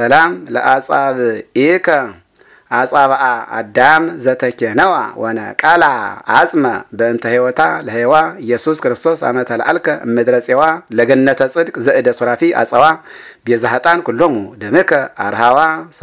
ሰላም ለአጻብ ኢከ አጻብአ አዳም ዘተኬነዋ ወነ ቃላ አጽመ በእንተ ህይወታ ለህዋ ኢየሱስ ክርስቶስ አመተ ለአልከ እምድረ ፄዋ ለገነተ ጽድቅ ዘእደ ሱራፊ አጸዋ ቤዛህጣን ኩሎሙ ደምከ አርሃዋ